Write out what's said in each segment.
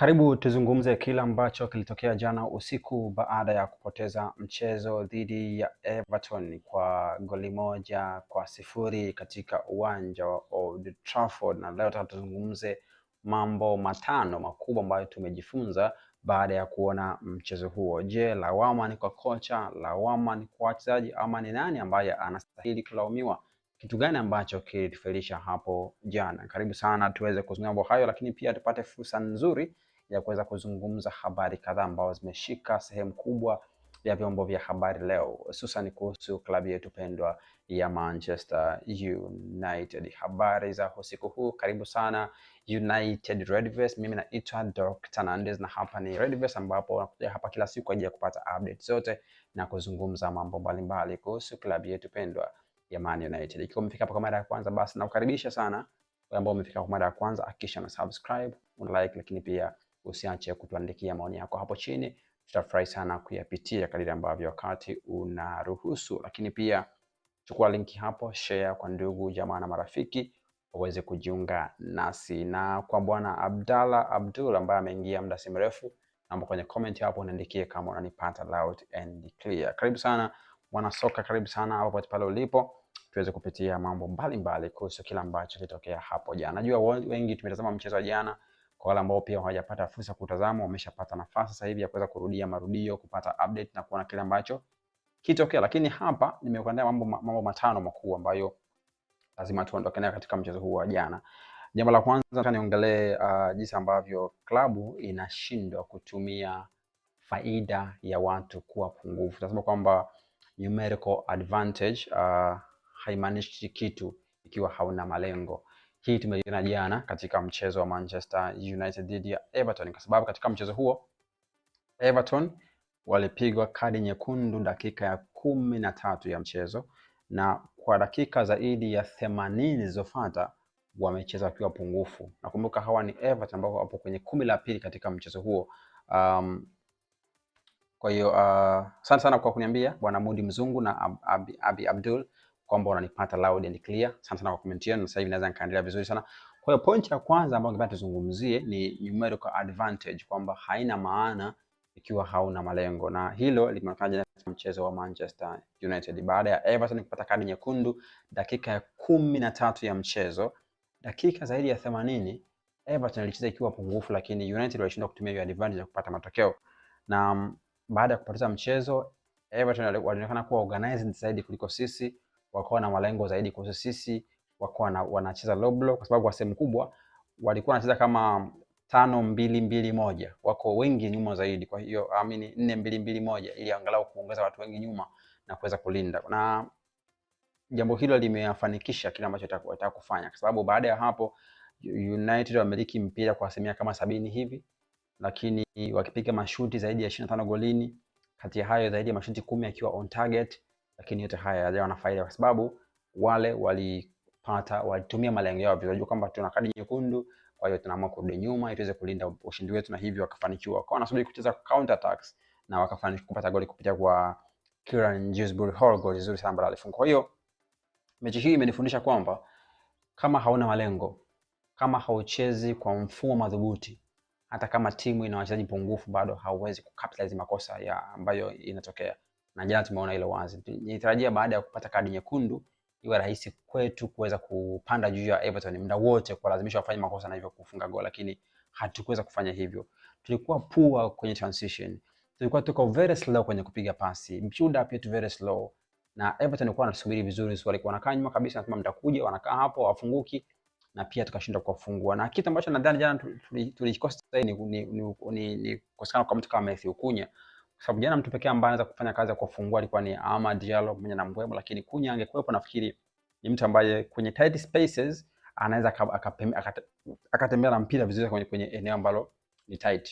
Karibu tuzungumze kile ambacho kilitokea jana usiku baada ya kupoteza mchezo dhidi ya Everton kwa goli moja kwa sifuri katika uwanja wa Old Trafford, na leo tutazungumze mambo matano makubwa ambayo tumejifunza baada ya kuona mchezo huo. Je, lawama ni kwa kocha? Lawama ni kwa wachezaji? Ama ni nani ambaye anastahili kulaumiwa? Kitu gani ambacho kilitufelisha hapo jana? Karibu sana tuweze kuzungumza mambo hayo, lakini pia tupate fursa nzuri ya kuweza kuzungumza habari kadhaa ambazo zimeshika sehemu kubwa ya vyombo vya habari leo, hususan kuhusu klabu yetu pendwa ya Manchester United. Habari za usiku huu, karibu sana United Redverse. Mimi naitwa Dork Nandes na hapa ni Redverse, ambapo nakuja hapa kila siku kwa ajili ya kupata update zote na kuzungumza mambo mbalimbali kuhusu klabu yetu pendwa ya Man United. Ikiwa umefika hapa kwa mara ya kwanza, basi nakukaribisha sana. Ambao umefika kwa mara ya kwanza, hakikisha una subscribe, una like, lakini pia usiache kutuandikia maoni yako hapo chini, tutafurahi sana kuyapitia kadiri ambavyo wakati unaruhusu. Lakini pia chukua linki hapo, share kwa ndugu jamaa na marafiki waweze kujiunga nasi. Na kwa bwana Abdalla Abdul ambaye ameingia muda si mrefu, naomba kwenye comment hapo uniandikie kama unanipata loud and clear. Karibu sana mwana soka, karibu sana hapo pote pale ulipo, tuweze kupitia mambo mbalimbali kuhusu kila ambacho kilitokea hapo jana. Najua wengi tumetazama mchezo wa jana kwa wale ambao pia hawajapata fursa kutazama, wameshapata nafasi sasa hivi ya kuweza kurudia marudio, kupata update na kuona kile ambacho kitokea. Lakini hapa nimekuandaa mambo, mambo matano makuu ambayo lazima tuondoke nayo katika mchezo huu wa jana. Jambo la kwanza niongelee uh, jinsi ambavyo klabu inashindwa kutumia faida ya watu kuwa pungufu. Tunasema kwamba numerical advantage uh, haimaanishi kitu ikiwa hauna malengo. Hii tumeiona jana katika mchezo wa Manchester United dhidi ya Everton, kwa sababu katika mchezo huo Everton walipigwa kadi nyekundu dakika ya kumi na tatu ya mchezo, na kwa dakika zaidi ya themanini zilizofuata wamecheza wakiwa pungufu. Nakumbuka hawa ni Everton ambao wapo kwenye kumi la pili katika mchezo huo. Um, kwa hiyo uh, sana kwa kuniambia Bwana Mudi Mzungu na Abi, Abi Abdul kwamba unanipata loud and clear. Sana sana kwa comment yenu, sasa hivi naweza nikaendelea vizuri sana. Kwa hiyo point ya kwanza ambayo ningependa tuzungumzie ni numerical advantage, kwamba haina maana ikiwa hauna malengo, na hilo limeonekana katika mchezo wa Manchester United baada ya Everton kupata kadi nyekundu dakika ya kumi na tatu ya mchezo, dakika zaidi ya themanini Everton ilicheza ikiwa pungufu, lakini United walishindwa kutumia hiyo advantage ya kupata matokeo. Na baada ya kupoteza mchezo, Everton walionekana kuwa organized zaidi kuliko sisi wakawa na malengo zaidi kuhusu sisi, wakawa wanacheza low block, kwa sababu kwa sehemu kubwa walikuwa wanacheza kama tano mbili mbili moja, wako wengi nyuma zaidi. Kwa hiyo amini nne mbili mbili moja, ili angalau kuongeza watu wengi nyuma na kuweza kulinda, na jambo hilo limefanikisha kile ambacho wataka kufanya, kwa sababu baada ya hapo United wamiliki mpira kwa asilimia kama sabini hivi, lakini wakipiga mashuti zaidi ya 25 golini, kati ya hayo zaidi ya mashuti kumi akiwa on target lakini yote haya yajawa na faida kwa sababu wale walipata walitumia malengo yao vizuri, kwamba tuna kadi nyekundu, kwa hiyo tunaamua kurudi nyuma ili tuweze kulinda ushindi wetu, na hivyo wakafanikiwa. Kwa wanasubiri kucheza counter attacks na wakafanikiwa kupata goli kupitia kwa Kieran Dewsbury Hall, goli zuri sana ambalo alifunga. Kwa hiyo mechi hii imenifundisha kwamba kama hauna malengo, kama hauchezi kwa mfumo madhubuti, hata kama timu ina wachezaji pungufu, bado hauwezi kukapitalize makosa ya ambayo inatokea na jana tumeona hilo wazi. Nitarajia baada ya kupata kadi nyekundu iwe rahisi kwetu kuweza kupanda juu ya Everton muda wote, kwa lazimisha wafanye makosa na hivyo kufunga goal, lakini hatukuweza kufanya hivyo. Tulikuwa poor kwenye transition, tulikuwa tuko very slow kwenye kupiga pasi, build up yetu very slow, na Everton ilikuwa wanasubiri vizuri, sio walikuwa wanakaa nyuma kabisa, nasema mtakuja, wanakaa hapo wafunguki, na pia tukashindwa kuwafungua. Na kitu ambacho nadhani jana tulikosa tuli, tuli tuli, ni, ni, ni, ni, ni, ni, kwa ni, ni, ni, ni, ni, kwa sababu jana mtu pekee ambaye anaweza kufanya kazi ya kufungua alikuwa ni Ama Diallo pamoja na Mbwemo, lakini Kunya angekuwepo, nafikiri ni mtu ambaye kwenye tight spaces anaweza akatembea na mpira vizuri kwenye, kwenye eneo ambalo ni tight.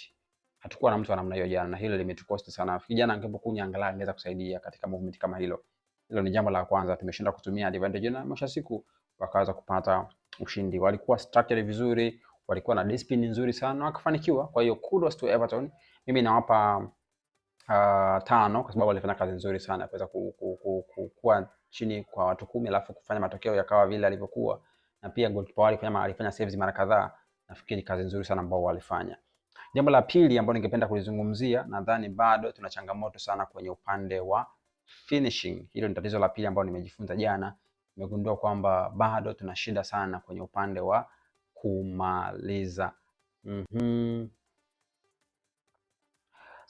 Hatukuwa na mtu wa namna hiyo jana, na hilo limetukosti sana. Nafikiri jana angepo Kunya angalau angeweza kusaidia katika movement kama hilo. Hilo ni jambo la kwanza, tumeshinda kutumia advantage na mwisho siku wakaweza kupata ushindi. Walikuwa structure vizuri, walikuwa na discipline nzuri sana, wakafanikiwa. Kwa hiyo kudos to Everton, mimi nawapa uh, tano kwa sababu alifanya kazi nzuri sana kuweza ku, ku, ku, ku, kuwa chini kwa watu kumi alafu kufanya matokeo yakawa vile alivyokuwa, na pia goalkeeper alifanya, alifanya saves mara kadhaa. Nafikiri kazi nzuri sana ambao walifanya. Jambo la pili ambalo ningependa kulizungumzia, nadhani bado tuna changamoto sana kwenye upande wa finishing. Hilo ni tatizo la pili ambalo nimejifunza jana, nimegundua kwamba bado tuna shida sana kwenye upande wa kumaliza. mm -hmm.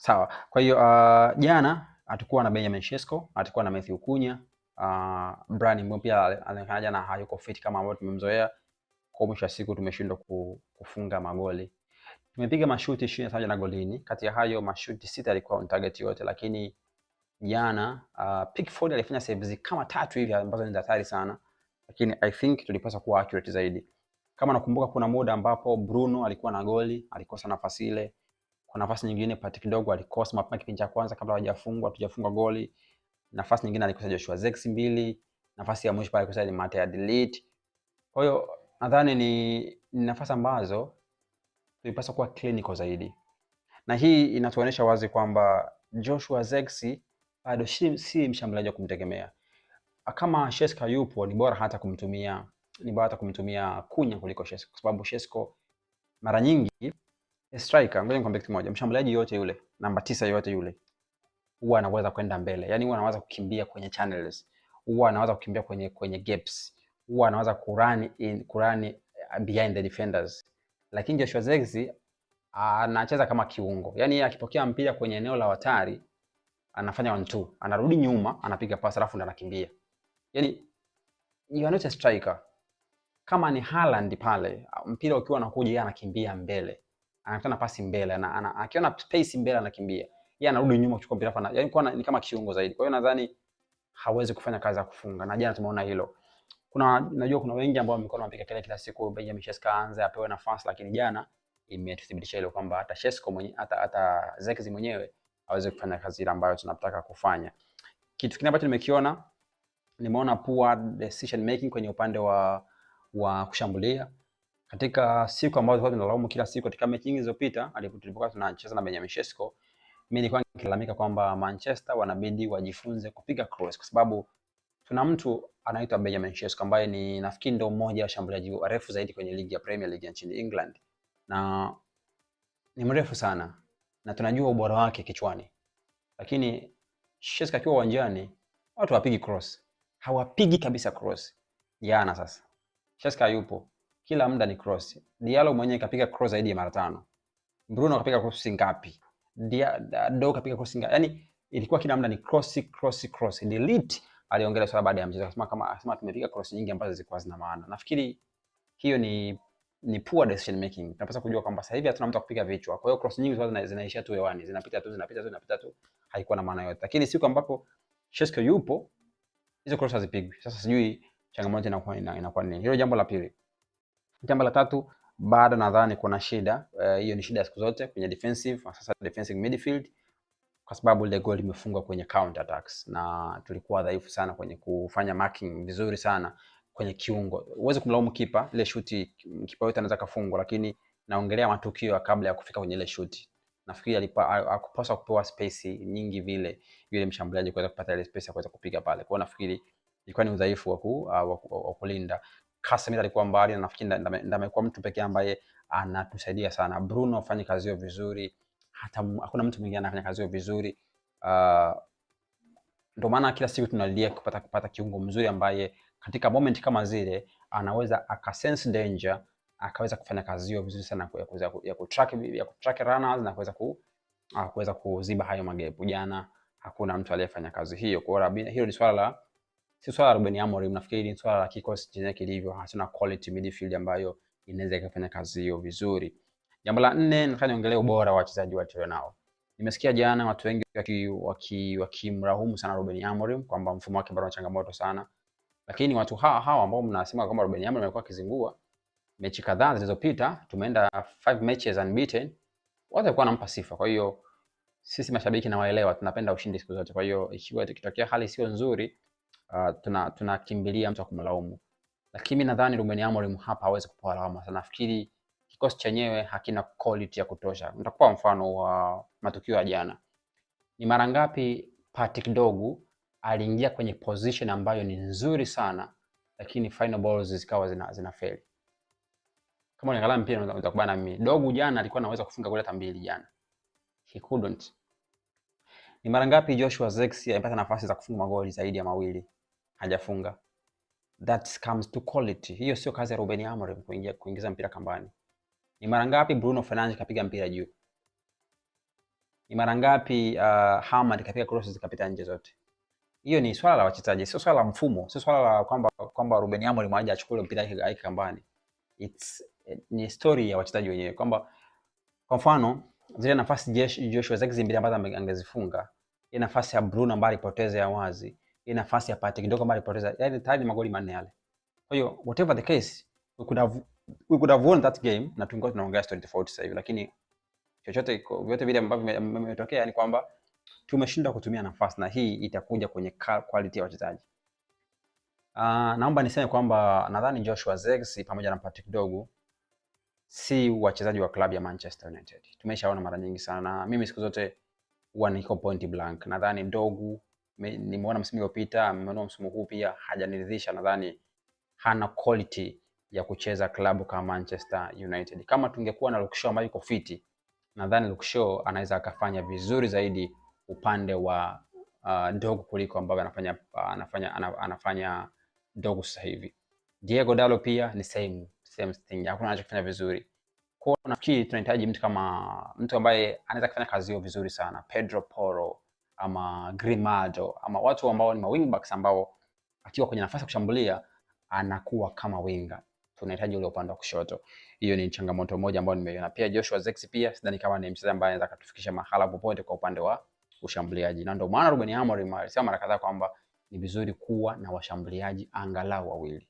Sawa. Kwa hiyo uh, jana atakuwa na Benjamin Shesko, atakuwa na Matthew Kunya, uh, ah, Brian Mbeumo pia alionekana jana hayuko fit kama ambavyo tumemzoea. Kwa mwisho wa siku tumeshindwa kufunga magoli. Tumepiga mashuti 27 na golini, kati ya hayo mashuti sita yalikuwa on target yote, lakini jana uh, Pickford alifanya saves kama tatu hivi ambazo ni hatari sana, lakini I think tulipaswa kuwa accurate zaidi. Kama nakumbuka, kuna muda ambapo Bruno alikuwa na goli, alikosa nafasi ile kwa nafasi nyingine Patrick Dogo alikosa mapema kipindi cha kwanza kabla hawajafungwa, tujafunga goli. Nafasi nyingine alikosa Joshua Zex mbili, nafasi ya mwisho pale alikosa ni Mate Adelit. Kwa hiyo nadhani ni, ni nafasi ambazo tulipaswa kuwa clinical zaidi, na hii inatuonyesha wazi kwamba Joshua Zexi bado si si mshambuliaji wa kumtegemea. Kama Sheska yupo ni bora hata kumtumia, ni bora hata kumtumia Kunya kuliko Shesko, kwa sababu Shesko mara nyingi striker, ngoja nikwambie kitu kimoja, mshambuliaji yote yule, namba tisa yote yule huwa anaweza kwenda mbele, yani huwa anaweza kukimbia kwenye channels, huwa anaweza kukimbia kwenye kwenye gaps, huwa anaweza kurani in kurani behind the defenders, lakini Joshua Zirkzee anacheza kama kiungo, yani akipokea mpira kwenye eneo la hatari anafanya one two, anarudi nyuma, anapiga pasi alafu ndo anakimbia. Yani you are not a striker. Kama ni Haaland pale, mpira ukiwa unakuja yeye anakimbia mbele anakutana pasi mbele na ana, akiona space mbele anakimbia. Yeye anarudi nyuma kuchukua mpira hapa. Yaani kwa ni kama kiungo zaidi. Kwa hiyo nadhani hawezi kufanya kazi ya kufunga. Na jana tumeona hilo. Kuna najua kuna wengi ambao wamekuwa wanapiga kelele kila siku Benjamin Sesko aanze apewe nafasi, lakini jana imethibitisha hilo kwamba hata Shesko mwenye hata hata Zexi mwenyewe hawezi kufanya kazi ile ambayo tunataka kufanya. Kitu kingine ambacho nimekiona nimeona poor decision making kwenye upande wa wa kushambulia katika siku ambazo tulikuwa tunalaumu kila siku katika mechi nyingi zilizopita, tulipokuwa tunacheza na Benjamin Sesko, mimi nilikuwa nikilalamika kwamba Manchester wanabidi wajifunze kupiga cross, kwa sababu tuna mtu anaitwa Benjamin Sesko ambaye ni nafikiri ndio mmoja wa shambuliaji warefu zaidi kwenye ligi ya Premier League nchini England, na ni mrefu sana na tunajua ubora wake kichwani, lakini Sesko akiwa uwanjani watu hawapigi cross, hawapigi kabisa cross. Jana sasa Sesko yupo kila muda ni cross. Diallo mwenyewe kapiga cross zaidi ya mara tano. Bruno kapiga cross ngapi? Dado kapiga cross ngapi? Yaani ilikuwa kila muda ni cross cross cross. Delete aliongelea swala baada ya mchezo akasema kama akasema tumepiga cross nyingi ambazo zilikuwa zina maana. Nafikiri hiyo ni ni poor decision making. Tunapaswa kujua kwamba sasa hivi hatuna mtu akupiga vichwa. Kwa hiyo cross nyingi zina, zinaishia tu hewani, zinapita tu zinapita tu zinapita tu, haikuwa na maana yote. Lakini siku ambapo Chesco yupo hizo cross hazipigwi. Sasa sijui changamoto inakuwa inakuwa nini. Hilo jambo la pili. Jambo la tatu bado nadhani kuna shida eh, hiyo, uh, ni shida siku zote kwenye defensive, sasa defensive midfield, kwa sababu ile goal imefungwa kwenye counter attacks na tulikuwa dhaifu sana kwenye kufanya marking vizuri sana kwenye kiungo. Uweze kumlaumu kipa, ile shuti kipa yote anaweza kafungwa, lakini naongelea matukio kabla ya kufika kwenye ile shuti. Nafikiri alipa akupaswa kupewa space nyingi vile yule mshambuliaji kuweza kupata ile space ya kuweza kupiga pale. Kwa hiyo nafikiri ilikuwa ni udhaifu wa ku wa kulinda. Casemiro alikuwa mbali na nafikiri ndio amekuwa mtu pekee ambaye anatusaidia sana. Bruno afanye kazi hiyo vizuri, hata hakuna mtu mwingine anafanya kazi hiyo vizuri. Uh, ndio maana kila siku tunalia kupata kupata kiungo mzuri ambaye katika moment kama zile anaweza akasense danger akaweza kufanya kazi hiyo vizuri sana ya kuweza ya kutrack ya kutrack runners na kuweza ku ah, kuweza kuziba hayo magepu. Jana hakuna mtu aliyefanya kazi hiyo. Kwa hiyo hilo ni swala la si swala la Ruben Amorim, nafikiri ni swala la kikosi chenye kilivyo, hatuna quality midfield ambayo inaweza ikafanya kazi hiyo vizuri. Jambo la nne, nataka niongelee ubora wa wachezaji walio nao. Nimesikia jana watu wengi wakimrahumu waki, sana Ruben Amorim kwamba mfumo wake bado una changamoto sana, lakini watu hawa hawa ambao mnasema kwamba Ruben Amorim amekuwa akizingua mechi kadhaa zilizopita, tumeenda five matches unbeaten, wote walikuwa wanampa sifa. Kwa hiyo sisi mashabiki na waelewa, tunapenda ushindi siku zote. Kwa hiyo ikiwa ikitokea e hali sio nzuri uh, tunakimbilia tuna mtu akumlaumu, lakini nadhani Ruben Amorim hapa hawezi kupewa lawama sana. Nafikiri kikosi chenyewe hakina quality ya kutosha. Nitakupa mfano wa matukio ya jana. Ni mara ngapi Patrick Dogu aliingia kwenye position ambayo ni nzuri sana, lakini final balls zikawa zina, zina fail. Kama unaangalia mpira utakubana mimi. Dogu jana alikuwa anaweza kufunga goli hata mbili jana. He couldn't. Ni mara ngapi Joshua Zexi alipata nafasi za kufunga magoli zaidi ya mawili hajafunga. That comes to quality. Hiyo sio kazi ya Ruben Amorim kuingia kuingiza mpira kambani. Ni mara ngapi Bruno Fernandes kapiga mpira juu? Ni mara ngapi uh, Hamad kapiga crosses zikapita nje zote? Hiyo ni swala la wachezaji, sio swala la mfumo, sio swala la kwamba kwamba Ruben Amorim aje achukue mpira yake aike kambani. It's eh, ni story ya wachezaji wenyewe kwamba kwa mfano zile nafasi Joshua Zirkzee mbili ambazo angezifunga, ile nafasi ya Bruno ambayo alipoteza ya wazi ile nafasi ya Patrick Dorgu ambayo alipoteza, yaani tayari magoli manne yale. Kwa hiyo whatever the case, we could have we could have won that game na tungekuwa tunaongea story tofauti sasa hivi, lakini chochote vyote vile ambavyo vimetokea ni kwamba tumeshindwa kutumia nafasi, na hii itakuja kwenye quality ya wachezaji. Uh, naomba niseme kwamba nadhani Joshua Zirkzee pamoja na Patrick Dorgu si wachezaji wa klabu ya Manchester United. Tumeshaona mara nyingi sana, mimi siku zote huwa niko point blank. Nadhani Dorgu nimeona msimu uliopita, ameona msimu huu pia hajaniridhisha. Nadhani hana quality ya kucheza klabu kama Manchester United. Kama tungekuwa na Luke Shaw ambaye yuko fiti, nadhani Luke Shaw anaweza akafanya vizuri zaidi upande wa uh, Ndogo kuliko ambavyo anafanya, uh, anafanya, anafanya, anafanya Dogu sasa hivi. Diego Dalo pia ni same, same thing, hakuna anachofanya vizuri. Kwa nafikiri tunahitaji mtu kama mtu ambaye anaweza kufanya kazi hiyo vizuri sana, Pedro Porro ama Grimaldo ama watu ambao ni mawingbacks ambao akiwa kwenye nafasi ya kushambulia anakuwa kama winga, tunahitaji ule upande wa kushoto. Hiyo ni changamoto moja ambayo nimeiona. Pia Joshua Zexi pia sidhani kama ni mchezaji ambaye anaweza kutufikisha mahala popote kwa upande wa ushambuliaji, na ndio maana Ruben Amorim alisema mara kadhaa kwamba ni vizuri kuwa na washambuliaji angalau wawili.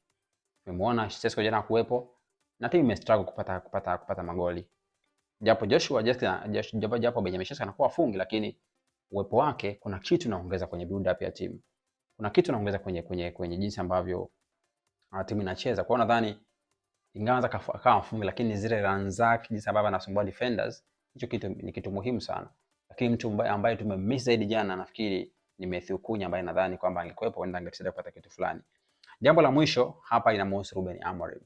Tumemwona Cesco jana kuwepo na timu imestruggle kupata kupata kupata magoli, japo Joshua Zexi japo japo Benjamin Sesko anakuwa fungi, lakini uwepo wake, kuna kitu naongeza kwenye build up ya timu, kuna kitu naongeza kwenye, kwenye, kwenye jinsi ambavyo uh, timu inacheza. Kwa hiyo nadhani ingawa akawa mfungi, lakini zile run zake, jinsi ambavyo anasumbua defenders, hicho kitu ni kitu muhimu sana. Lakini mtu ambaye tumemiss zaidi jana, nafikiri ni Matthew Cunha, ambaye nadhani kwamba angekuwepo ndio angetusaidia kupata kitu fulani. Jambo la mwisho hapa inamhusu Ruben Amorim.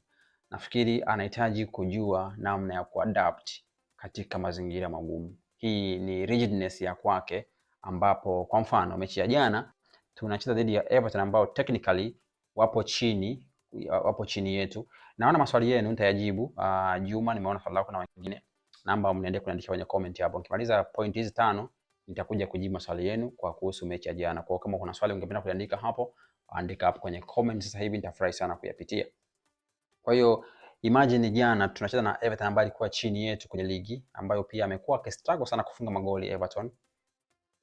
Nafikiri anahitaji kujua namna ya kuadapt katika mazingira magumu. Hii ni rigidness ya kwake ambapo kwa mfano mechi ya jana tunacheza dhidi ya Everton ambao technically wapo chini wapo chini yetu. Naona maswali yenu nitayajibu. Uh, Juma, nimeona swali lako na wengine, Namba mniende kuniandikisha kwenye comment hapo. Nikimaliza point hizi tano nitakuja kujibu maswali yenu kwa kuhusu mechi ya jana. Kwa kama kuna swali ungependa kuandika hapo, andika hapo kwenye comment sasa hivi, nitafurahi sana kuyapitia. Kwa hiyo imagine jana tunacheza na Everton ambayo ilikuwa chini yetu kwenye ligi, ambayo pia amekuwa akistruggle sana kufunga magoli Everton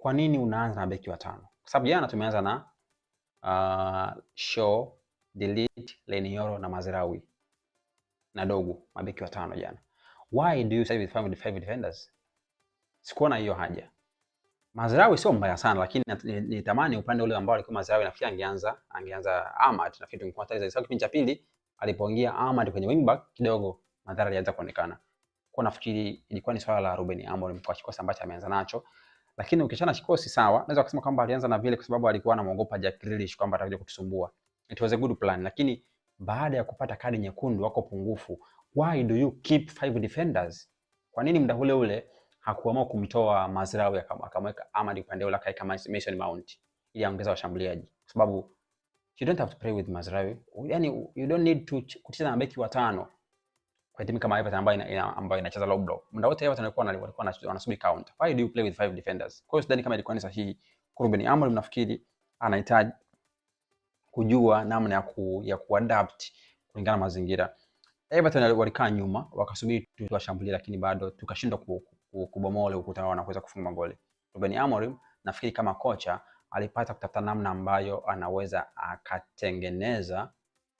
kwa nini unaanza na beki wa tano? Kwa sababu jana tumeanza na uh, Shaw, Delite, Leniyoro na Mazraoui na Dogu, mabeki wa tano jana. Why do you start with five, five defenders? Sikuona hiyo haja. Mazraoui sio mbaya sana lakini nitamani upande ule ambao alikuwa Mazraoui nafikiri angeanza angeanza Ahmad nafikiri tungekuwa tayari Sasa kipindi cha pili alipoingia Ahmad kwenye wingback kidogo madhara yalianza kuonekana. Kwa nafikiri ilikuwa ni swala la Ruben Amorim kwa kikosi ambacho ameanza nacho lakini ukishana kikosi sawa, naweza kusema kwamba alianza na vile kwa sababu alikuwa anamuogopa Jack Grealish kwamba atakuja kutusumbua. It was a good plan, lakini baada ya kupata kadi nyekundu wako pungufu. Why do you keep five defenders? Kwa nini muda ule ule hakuamua kumtoa Mazraoui akamweka Ahmad upande ule akaeka Mason Mount ili aongeza washambuliaji? Kwa sababu you don't have to play with Mazraoui. Yaani you don't need to kucheza na beki watano kwa timu kama Everton ambayo ina, ambayo inacheza low block. Muda wote Everton walikuwa walikuwa wanasubiri counter. Why do you play with five defenders? Kwa hiyo sidhani kama ilikuwa ni sahihi. Ruben Amorim nafikiri anahitaji kujua namna ya ku, ya kuadapt kulingana na mazingira. Everton walikaa nyuma wakasubiri tuwashambulie, lakini bado tukashindwa kubomoa ule ukuta wao na kuweza kufunga magoli. Ruben Amorim nafikiri kama kocha alipata kutafuta namna ambayo anaweza akatengeneza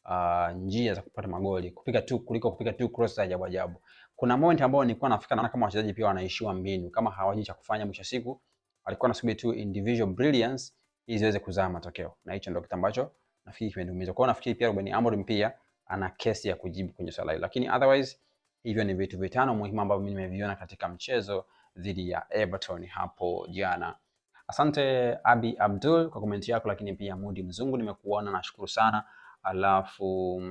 uh, njia za kupata magoli kupiga tu kuliko kupiga tu cross za ajabu ajabu. Kuna moment ambao nilikuwa nafika naona kama wachezaji pia wanaishiwa mbinu, kama hawajui cha kufanya, mwisho siku alikuwa anasubiri tu individual brilliance ili ziweze kuzaa matokeo, na hicho ndio kitu ambacho nafikiri kimeniumiza. Kwa hiyo nafikiri pia Ruben Amorim pia ana kesi ya kujibu kwenye swala hili, lakini otherwise hivyo ni vitu vitano muhimu ambavyo mimi nimeviona katika mchezo dhidi ya Everton hapo jana. Asante Abi Abdul kwa komenti yako, lakini pia Mudi Mzungu nimekuona, nashukuru sana alafu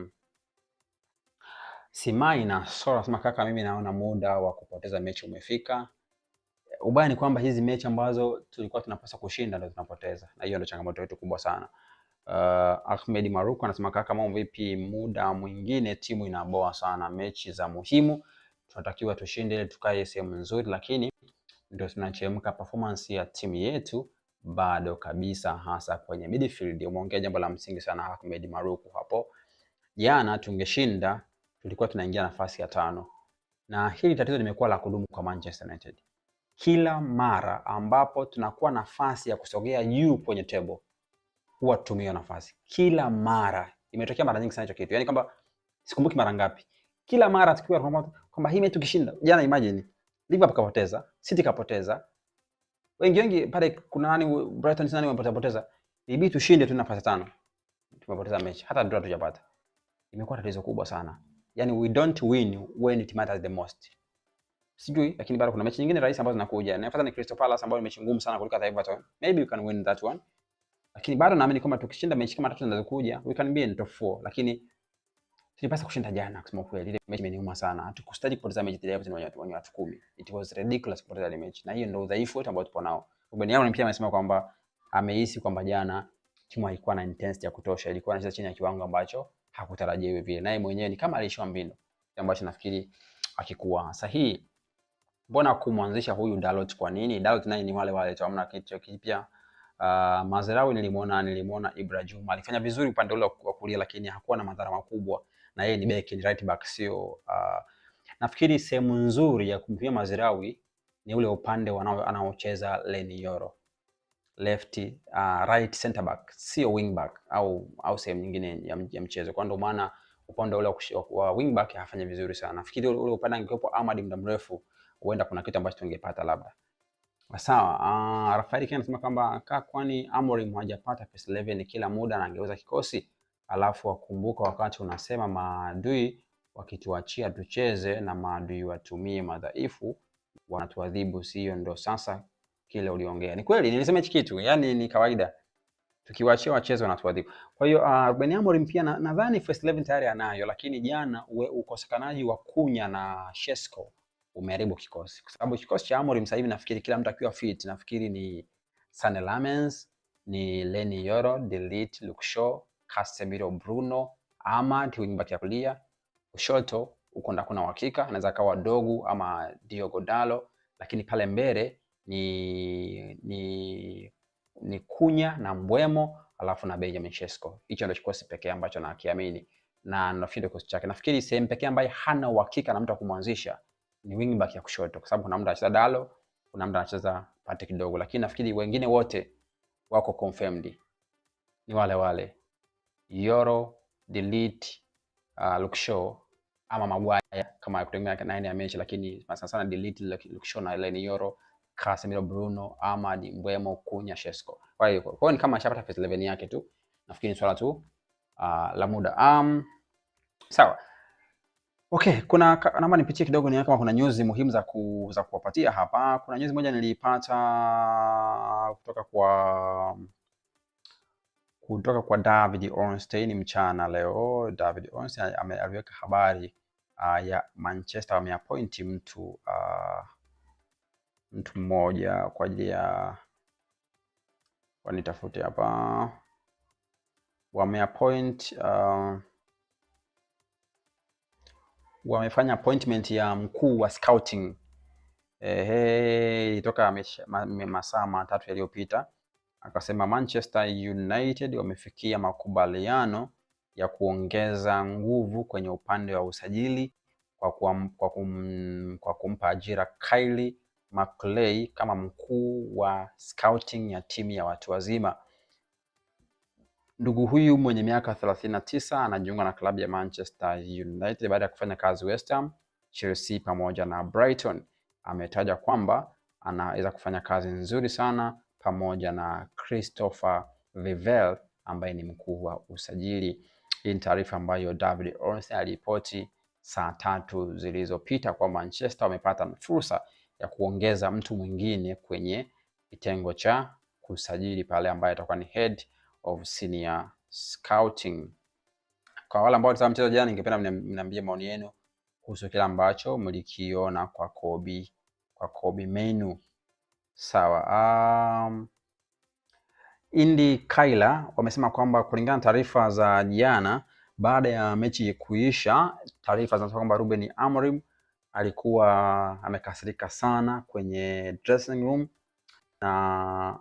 Simai na Sora sema kaka, mimi naona muda wa kupoteza mechi umefika. Ubaya ni kwamba hizi mechi ambazo tulikuwa tunapaswa kushinda ndio tunapoteza, na hiyo ndio changamoto yetu kubwa sana. Uh, Ahmed Maruku anasema kaka, mambo vipi? Muda mwingine timu inaboa sana, mechi za muhimu tunatakiwa tushinde ili tukae sehemu nzuri, lakini ndio tunachemka performance ya timu yetu bado kabisa, hasa kwenye midfield. Umeongea jambo la msingi sana Ahmed Maruku hapo. Jana tungeshinda, tulikuwa tunaingia nafasi ya tano, na hili tatizo limekuwa la kudumu kwa Manchester United. Kila mara ambapo tunakuwa nafasi ya kusogea juu kwenye table, huwa tumia nafasi. Kila mara imetokea mara nyingi sana hicho kitu, yani kwamba sikumbuki mara ngapi, kila mara tukiwa kwamba hii mechi tukishinda. Jana imagine Liverpool kapoteza, City kapoteza wengi wengi pale kuna nani Brighton sana wamepoteza poteza. bibi tushinde tu nafasi tano. Tumepoteza mechi. Hata draw tujapata. Imekuwa tatizo kubwa sana. yani we don't win when it matters the most. Sijui lakini bado kuna mechi nyingine rahisi ambazo zinakuja. Nafuata ni Crystal Palace ambayo ni mechi ngumu sana kuliko Everton. Maybe we can win that one. Lakini bado naamini kama tukishinda mechi kama tatu zinazokuja we can be in top 4 lakini Tulipasa kushinda jana kusema kweli. Ile mechi imeniuma sana. Hatukustahili kupoteza mechi dhidi ya watu kumi. It was ridiculous kupoteza ile mechi. Na hiyo ndio udhaifu wetu ambao tupo nao. Ruben Amorim pia amesema kwamba amehisi kwamba jana timu haikuwa na intensity ya kutosha, ilikuwa inacheza chini ya kiwango ambacho hakutarajia hivi vile. Naye mwenyewe ni kama alishiwa mbinu, ambacho nafikiri akikuwa sahihi. Mbona kumwanzisha huyu Dalot kwa nini? Dalot naye ni wale wale tu, hamna kitu kipya. Uh, ah, Mazerawi nilimuona nilimuona Ibrahim alifanya vizuri upande ule wa kulia, lakini hakuwa na madhara makubwa na yeye ni beki, ni right back, sio uh, nafikiri sehemu nzuri ya kumtumia Mazirawi ni ule upande anaocheza Leny Yoro left uh, right center back, sio wing back au au sehemu nyingine ya, ya mchezo. Kwa ndo maana upande ule wa wing back hafanya vizuri sana. Nafikiri ule upande angekuwepo Ahmad muda mrefu, huenda kuna kitu ambacho tungepata labda. Sawa, uh, Rafael Kenya anasema kwamba kaa, kwani Amorim hajapata first 11 kila muda na angeweza kikosi alafu wakumbuka wakati unasema maadui wakituachia tucheze na maadui watumie madhaifu wanatuadhibu, sio ndo? Sasa kile uliongea ni kweli, nilisema hichi kitu, yani ni kawaida tukiwaachia wacheze wanatuadhibu. Kwa hiyo uh, Ben Amorim pia nadhani na first 11 tayari anayo, lakini jana ukosekanaji wa Kunya na Shesko umeharibu kikosi, kwa sababu kikosi cha Amorim sasa hivi nafikiri kila mtu akiwa fit, nafikiri ni Sane Lammens, ni Leny Yoro, De Ligt, Luke Shaw Casemiro Bruno, Ahmad wing back ya kulia, kushoto huko ndo kuna uhakika, anaweza kawa Dogu ama Diogo Dalo, lakini pale mbele ni ni ni Kunya na Mbwemo alafu na Benjamin Sesko. Hicho ndio kikosi pekee ambacho nakiamini na nafikiri kikosi chake. Nafikiri sehemu pekee ambayo hana uhakika na mtu akumwanzisha ni wing back ya kushoto, kwa sababu kuna mtu anacheza Dalo, kuna mtu anacheza Patrick Dogo, lakini nafikiri wengine wote wako confirmed ni wale wale. Yoro, delete, uh, look show ama Maguire kama kutegemea nani amechi, lakini sana sana delete look show na Elaine Yoro, Casemiro, Bruno, Ahmad, Mbwemo Kunya, Shesko. Kwa hiyo kwa hiyo ni kama ashapata face 11 yake tu. Nafikiri ni swala tu uh, la muda. Um, sawa. Okay, kuna naomba nipitie kidogo ni kama kuna news muhimu za ku, za kuwapatia hapa. Kuna news moja nilipata kutoka kwa kutoka kwa David Ornstein mchana leo. David Ornstein aliweka habari uh, ya Manchester wameapointi mtu uh, mtu mmoja kwa ajili ya wanitafute hapa, wameapoint uh, wamefanya appointment ya mkuu wa scouting. Ehe, ilitoka masaa matatu yaliyopita akasema Manchester United wamefikia makubaliano ya kuongeza nguvu kwenye upande wa usajili kwa, kwa, kwa, kum, kwa kumpa ajira Kylie Macaulay kama mkuu wa scouting ya timu ya watu wazima. Ndugu huyu mwenye miaka 39 anajiunga na klabu ya Manchester United baada ya kufanya kazi West Ham, Chelsea pamoja na Brighton. Ametaja kwamba anaweza kufanya kazi nzuri sana pamoja na Christopher Vivel ambaye ni mkuu wa usajili. Hii ni taarifa ambayo David Ornstein aliripoti saa tatu zilizopita kwa Manchester wamepata fursa ya kuongeza mtu mwingine kwenye kitengo cha kusajili pale, ambaye atakuwa ni head of senior scouting. Kwa wale ambao walitazama mchezo jana, ningependa mniambie maoni yenu kuhusu kile ambacho mlikiona kwa Kobe, kwa Kobe Menu. Sawa. Um, Indi Kaila wamesema kwamba kulingana na taarifa za jana baada ya mechi kuisha, taarifa zinasema kwamba Ruben Amorim alikuwa amekasirika sana kwenye dressing room na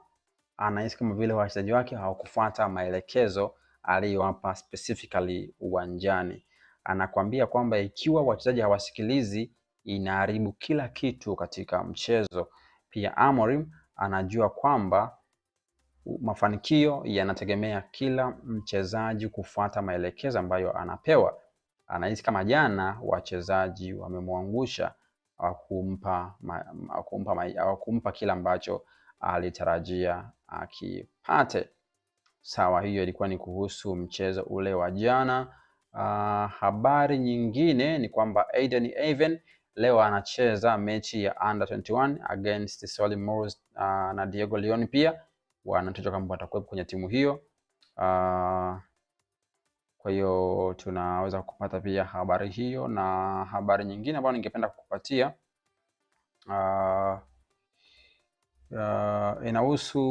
anahisi kama vile wachezaji wake hawakufuata maelekezo aliyowapa specifically uwanjani. Anakuambia kwamba ikiwa wachezaji hawasikilizi inaharibu kila kitu katika mchezo. Pia Amorim anajua kwamba mafanikio yanategemea kila mchezaji kufuata maelekezo ambayo anapewa. Anahisi kama jana wachezaji wamemwangusha, hawakumpa kumpa kila ambacho alitarajia akipate. Sawa, hiyo ilikuwa ni kuhusu mchezo ule wa jana. Uh, habari nyingine ni kwamba Aiden Even leo anacheza mechi ya under 21 against Solimoz uh, na Diego Leon pia wanatajwa kwamba watakuwepo kwenye timu hiyo uh, kwa hiyo tunaweza kupata pia habari hiyo na habari nyingine ambayo ningependa kukupatia uh, uh, inahusu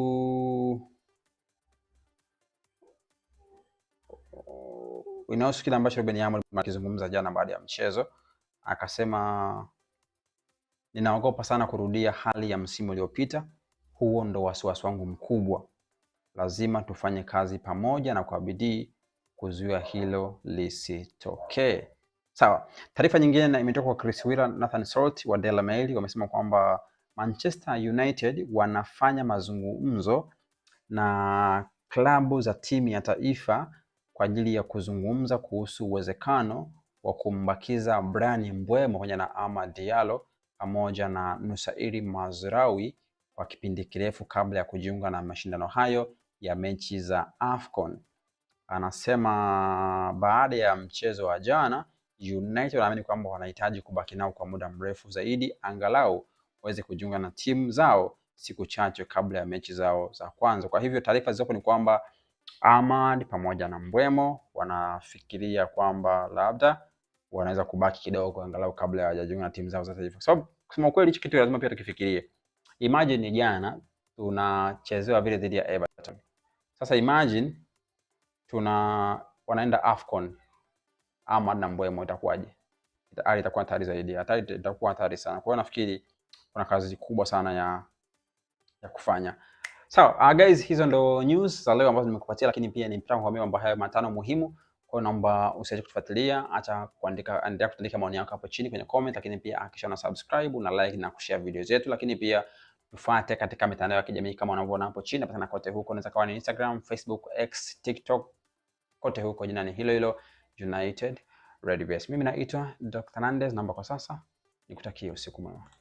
inahusu kile ambacho Ruben Amorim akizungumza jana baada ya mchezo akasema ninaogopa sana kurudia hali ya msimu uliopita. Huo ndo wasiwasi wangu mkubwa. Lazima tufanye kazi pamoja na kwa bidii kuzuia hilo lisitokee. Sawa. Taarifa nyingine imetoka kwa Chris Wheeler, Nathan Salt wa Daily Mail wamesema kwamba Manchester United wanafanya mazungumzo na klabu za timu ya taifa kwa ajili ya kuzungumza kuhusu uwezekano wa kumbakiza Bryan Mbwemo pamoja na Amad Diallo pamoja na Nusairi Mazraoui kwa kipindi kirefu kabla ya kujiunga na mashindano hayo ya mechi za AFCON. Anasema baada ya mchezo wa jana United wanaamini kwamba wanahitaji kubaki nao kwa muda mrefu zaidi, angalau waweze kujiunga na timu zao siku chache kabla ya mechi zao za kwanza. Kwa hivyo taarifa zilizopo ni kwamba Ahmad pamoja na mbwemo wanafikiria kwamba labda wanaweza kubaki kidogo angalau kabla hawajajiunga na timu zao za taifa. kwa sababu kusema kweli hicho kitu lazima pia tukifikirie. Imagine ni jana tunachezewa vile dhidi ya Everton. Sasa imagine tuna wanaenda AFCON ama na Mbwemo, itakuwaje? Hali itakuwa hatari zaidi, hatari itakuwa hatari sana. Kwa hiyo nafikiri kuna kazi kubwa sana ya ya kufanya. Sawa, so, uh, ah, guys hizo ndo news za leo ambazo nimekupatia, lakini pia ni mpango mtakuambia mambo haya matano muhimu kwa hiyo naomba usiache kutufuatilia, acha kuandika, endelea kutandika maoni yako hapo chini kwenye comment, lakini pia hakikisha una subscribe una like na kushare video zetu, lakini pia tufuate katika mitandao ya kijamii kama unavyoona hapo chini, napatana kote huko, unaweza kawa ni Instagram, Facebook, X, TikTok, kote huko jina ni hilo hilo United Red Base. Mimi naitwa Dr. Nandez, naomba kwa sasa nikutakie usiku mwema.